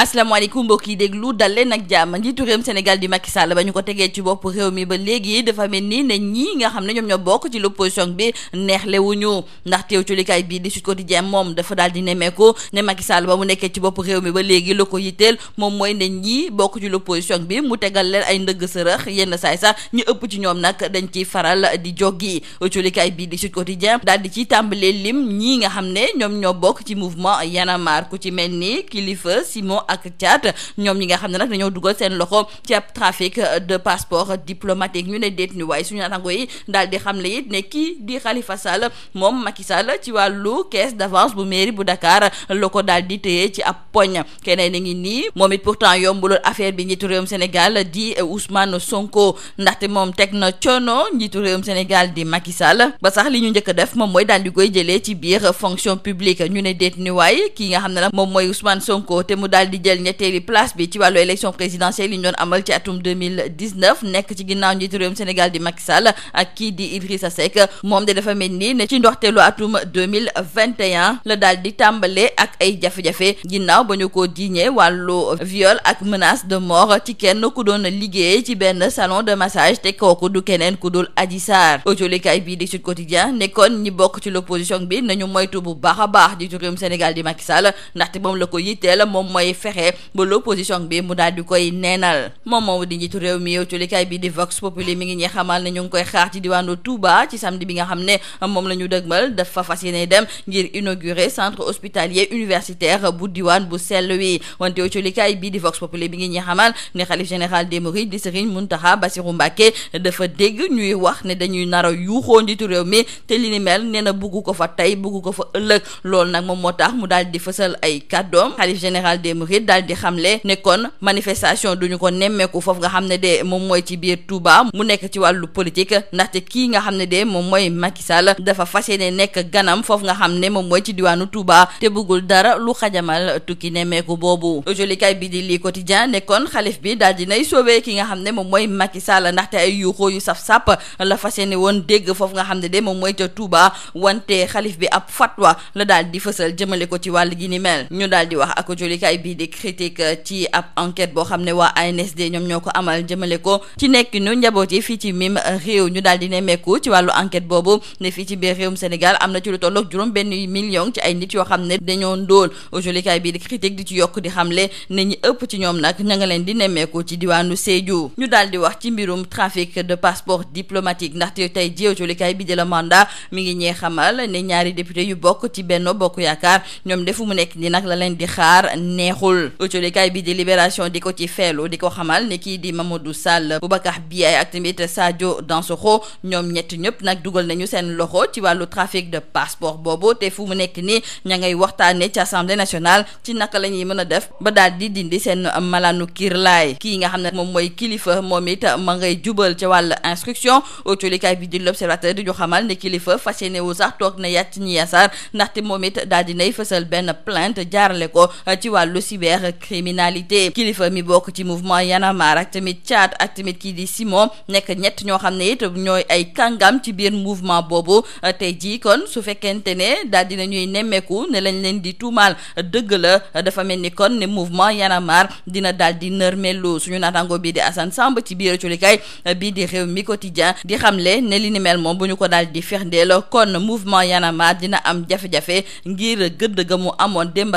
asalaamaaleykum mbokk yi déglu dal leen ak jàmm njiitu réewum Sénégal di Macky Sall ba ñu ko tegee ci bopp réew mi ba léegi dafa mel ni ne ñii nga xam ne ñoom ñoo bokk ci l'opposition bi neexle wuñu ndax teew ci bii di Sud Quotidien moom dafa daal di nemmeeku ne Macky Sall mu nekkee ci bopp réew mi ba léegi ko yitteel moom mooy ne ñii bokk ci l'opposition bi mu tegal leen ay ndëgg sërëx yenn saay sax ñu ëpp ci ñoom nag dañ ciy faral di joggi ci likaay bii di Sud Quotidien daal di ciy tàmbalee lim ñii nga xam ne ñoom ñoo bokk ci mouvement Y'en a marre ku ci mel ni kilifa Simon ak Tchad ñoom ñi nga xam ne nag dañoo dugal seen loxo ci ab trafic de passeport diplomatique ñu ne déet ni waaye suñu natango yi daal di xamle it ne kii di Khalifa Sall moom Macky Sall ci wàllu caisse d'avance bu mairie bu Dakar la ko daal di téye ci ab poñ keneen a nii moom it pourtant yombuloon affaire bi njiitu réewum Sénégal di Ousmane Sonko ndaxte moom teg na coono njiitu réewum Sénégal di Macky Sall ba sax li ñu njëkk def moom mooy daal di koy jëlee ci biir fonction publique ñu ne déet ni waaye kii nga xam ne nag moom mooy Ousmane Sonko te mu daal di jël ñetteeli place bi ci wàllu élection présidentielle yi ñu doon amal ci atum 2019 nekk ci ginnaaw njiitu réewum Sénégal di Macky ak kii di Idrissa Seck moom de dafa mel ni ne ci ndoxteelu atum la daal di ak ay jafe-jafe ginnaaw ba ñu ko jiiñee wàllu viol ak menace de mort ci kenn ku doon liggéey ci benn salon de massage te kooku du keneen ku dul Adji Sarr autolikaay bii di Sud Quotidien nekkoon ñi bokk ci l'opposition bi nañu moytu bu baax a baax njiitu di Macky Sall ndaxte moom la ko yitteel fexe ba l'opposition bi mu daal di koy neenal moom moomu di njiitu réew mi yow colikaay bi di Vox Populi mi ngi ñuy xamal ne ñu ngi koy xaar ci diwaanu Touba ci samedi bi nga xam ne moom la ñu dëgmal dafa fas yéene dem bu diwaan bu sell wi wante bi di Vox Populi mi ngi ñuy xamal ne di Serigne Mountakha Bassirou Mbacké wax ne dañuy nar a yuuxoo njiitu réew mi te li ni mel nee na ko fa tey bugg ko fa ëllëg loolu nag moom moo tax mu daal di fësal ay kàddoom xalif général des mourides it daal di xamle ne kon manifestation duñu ko nemmeeku foofu nga xam ne de moom mooy ci biir Touba mu nekk ci wàllu politique ndaxte kii nga xam ne de moom mooy Macky Sall dafa fas yéene nekk ganam foofu nga xam ne moom mooy ci diwaanu Touba te bëggul dara lu xajamal tukki nemmeeku boobu jolikaay bi di lii quotidien ne kon xalif bi daal di nay soobee ki nga xam ne moom mooy Macky Sall ndaxte ay yuuxoo yu saf-sàpp la fas yéene woon dégg foofu nga xam ne de moom mooy ca Touba wante xalif bi ab fatwa la daal di fësal jëmale ko ci di critique euh, ci ab enquête boo xam ne waa ANSD ñoom ñoo ko amal jëmale ko ci nekkinu njaboot yi fii ci mim réew ñu daal di nemmeeku ci wàllu enquête boobu ne fii ci biir réewum Sénégal am na ci lu tollook juróom benn million ci ay nit yoo xam ne dañoo ndóol jolikaay bii di critique di ci yokk di xam le ne ñi ëpp ci ñoom nag ña nga leen di nemmeeku ci diwaanu Sédhiou ñu daal di wax ci mbirum trafique de passeport diplomatique ndax tey jii jolikaay bi di la mi ngi ñee xamal ne ñaari député yu bokk ci Benno Bokk Yaakaar ñoom defu nag leen di bokkul ucculikaay bi di libération di ko ci feelu di ko xamal ni kii di Mamadou Sall Boubacar Biaye ak tamit Sadio Dansokho ñoom ñett ñëpp nag dugal nañu seen loxo ci wàllu trafic de passeport boobu te fu mu nekk nii ña ngay waxtaane ca assemblée national ci naka la ñuy mën a def ba daal di dindi seen malaanu lay kii nga xam ne moom mooy kilifa moom it ma ngay jubal ca wàllu instruction ucculikaay bi di l'observateur di ñu xamal ni kilifa fa yéene sax toog na yàcc ñi yasaar ndaxte a cybercriminalité kilifa mi bokk ci mouvement Y'en a marre ak tamit Thiat ak tamit kii di Simon nekk ñett ñoo xam ne it ñooy ay kàngam ci biir mouvement boobu tey jii kon su fekkente ne daal dina ñuy nemmeeku ne lañ leen di tuumaal dëgg la dafa mel ni kon ne mouvement Y'en a dina daal di nërmelu suñu naataango bii di Assane Samb ci biir culikaay bii di réew mi quotidien di xam xamle ne li ni mel moom bu ñu ko daal di firndeel kon mouvement Y'en a marre dina am jafe ngir gëdd ga amoon démb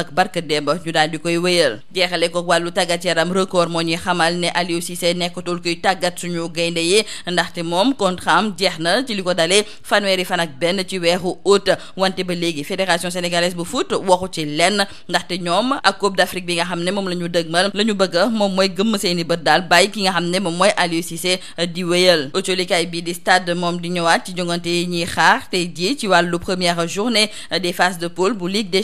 Noël jeexale ko wàllu tàggat yaram record moo ñuy xamal ne Aliou Cissé nekkatul kuy tàggat suñu gaynde yi ndaxte moom contrat am jeex na ci li ko dalee fanweeri fan ak benn ci weeru août wante ba léegi fédération sénégalaise bu foot waxu ci lenn ndaxte ñoom ak Coupe d'Afrique bi nga xam ne moom la ñu dëgmal la ñu bëgg moom mooy gëmm seeni bët daal bàyyi ki nga xam ne moom mooy Aliou Cissé di wéyal autolikaay bii di stade moom di ñëwaat ci jongante yi ñuy xaar tey ci wàllu première journée des phases de poule bu Ligue des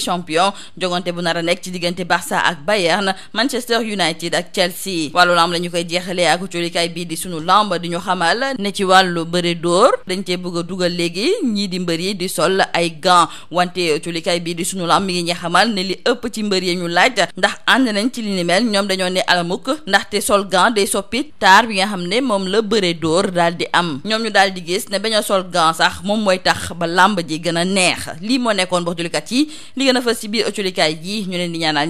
ak na Manchester United ak Chelsea wàllu lamb la ñu koy jeexalee ak colikaay bii di sunu lamb di ñu xamal ne ci wàllu bëre door dañ cee bëgg a dugal léegi ñii di mbër yi di sol ay gants wante colikaay bii di sunu lamb mi ngi ñu xamal ne li ëpp ci mbër yi ñu laaj ndax ànd nañ ci li ni mel ñoom dañoo ne alamuk ndaxte sol gants day soppi taar bi nga xam ne moom la bëre door daal di am ñoom ñu daal di gis ne bañ sol gants sax moom mooy tax ba lamb ji gën a neex lii moo nekkoon box julikat yi li gën a ñu leen di ñaanal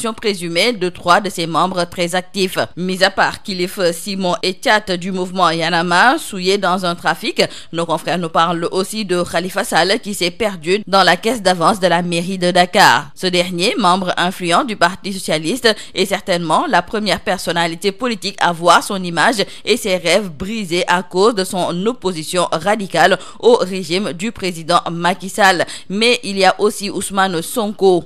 l'implication présumée de trois de ses membres très actifs. Mis à part Kilif Simon et du mouvement Yanama, souillés dans un trafic, nos confrères nous parlent aussi de Khalifa Sall qui s'est perdu dans la caisse d'avance de la mairie de Dakar. Ce dernier, membre influent du Parti socialiste, est certainement la première personnalité politique à voir son image et ses rêves brisés à cause de son opposition radicale au régime du président Macky Mais il y a aussi Ousmane Sonko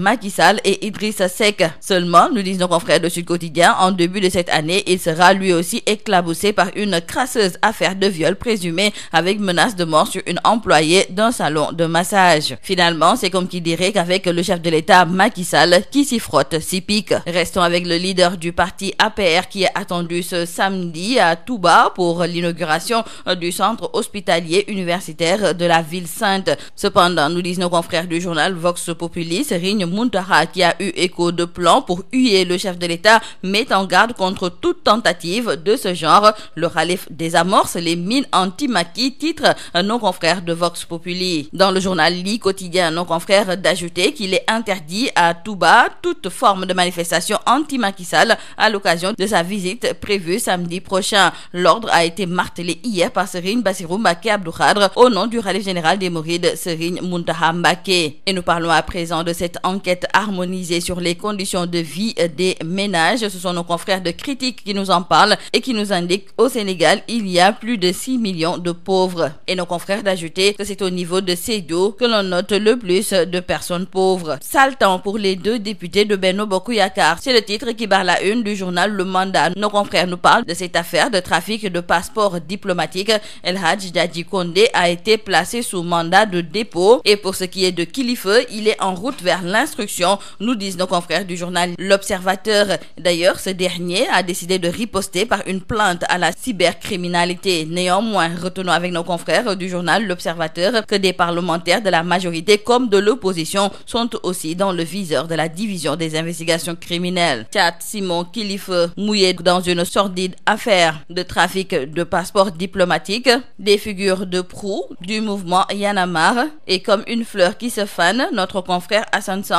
Macky Sall et Idrissa Seck. Seulement, nous disent nos confrères de Sud Quotidien, en début de cette année, il sera lui aussi éclaboussé par une crasseuse affaire de viol présumé avec menace de mort sur une employée d'un salon de massage. Finalement, c'est comme qui dirait qu'avec le chef de l'État Macky qui s'y frotte, s'y pique. Restons avec le leader du parti APR qui est attendu ce samedi à Touba pour l'inauguration du centre hospitalier universitaire la ville sainte. Muntaha, qui a eu écho de plans pour huer le chef de l'État, met en garde contre toute tentative de ce genre. Le ralif désamorce les mines anti-Macky, nos confrères de Vox Populi. Dans le journal Li Quotidien, nos confrères d'ajouter qu'il est interdit à Touba toute forme de manifestation anti à l'occasion de sa visite prévue samedi prochain. L'ordre a été martelé hier par Serigne Bassirou Mbacké Abdou au nom du ralif général enquête harmonisée sur les conditions de vie des ménages. Ce sont nos confrères de Critique qui nous en parlent et qui nous indiquent au Sénégal, il y a plus de 6 millions de pauvres. Et nos confrères d'ajouter que c'est au niveau de Sédio que l'on note le plus de personnes pauvres. Sale pour les deux députés de Benno Bokuyakar. C'est le titre qui barre la une du journal Le Mandat. Nos confrères nous parlent de cette affaire de trafic de passeports diplomatiques. a été placé sous d'instruction, nous disent nos confrères du journal L'Observateur. D'ailleurs, ce dernier a décidé de riposter par une plainte à la cybercriminalité. Néanmoins, retenons avec nos confrères du journal L'Observateur que des parlementaires de la majorité comme de l'opposition sont aussi dans le viseur de la division des investigations criminelles. Thiat Simon Kilifeu mouillé dans une sordide affaire de trafic de passeports diplomatiques, des figures de proue du mouvement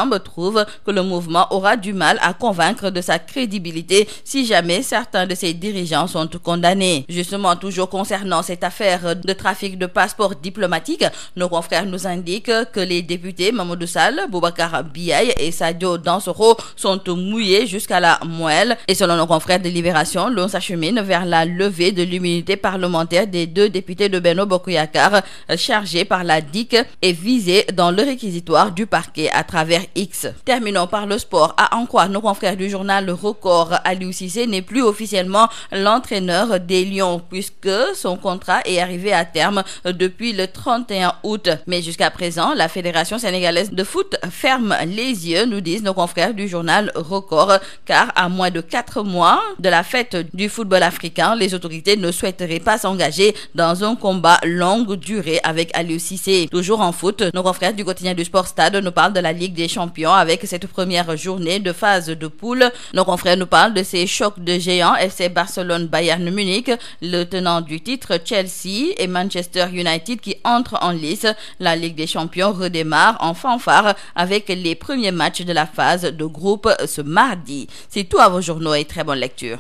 Samb trouve que le mouvement aura du mal à convaincre de sa crédibilité si jamais certains de ses dirigeants sont condamnés. Justement, toujours concernant cette affaire de trafic de passeports diplomatiques, nos confrères nous indiquent que les députés Mamadou Sall, Boubacar et Sadio Dansoro sont mouillés jusqu'à la moelle et selon nos confrères de Libération, l'on s'achemine vers la levée de l'immunité parlementaire des deux députés de Benno Bokk X. Terminons par le sport. À en croire nos confrères du journal Record, Aliou Cissé n'est plus officiellement l'entraîneur des Lions puisque son contrat est arrivé à terme depuis le 31 août. Mais jusqu'à présent, la Fédération sénégalaise de foot ferme les yeux, nous disent nos confrères du journal Record, car à moins de quatre mois de la fête du football africain, les autorités ne souhaiteraient pas s'engager dans un combat longue durée avec Aliou Cissé. Toujours Champions avec cette première journée de phase de poule. Nos confrères nous parlent de ces chocs de géants FC Barcelone, Bayern Munich, le tenant du titre Chelsea et Manchester United qui entrent en lice. La Ligue des Champions redémarre en fanfare avec les premiers matchs de la phase de groupe ce mardi. C'est tout à vos journaux et très bonne lecture.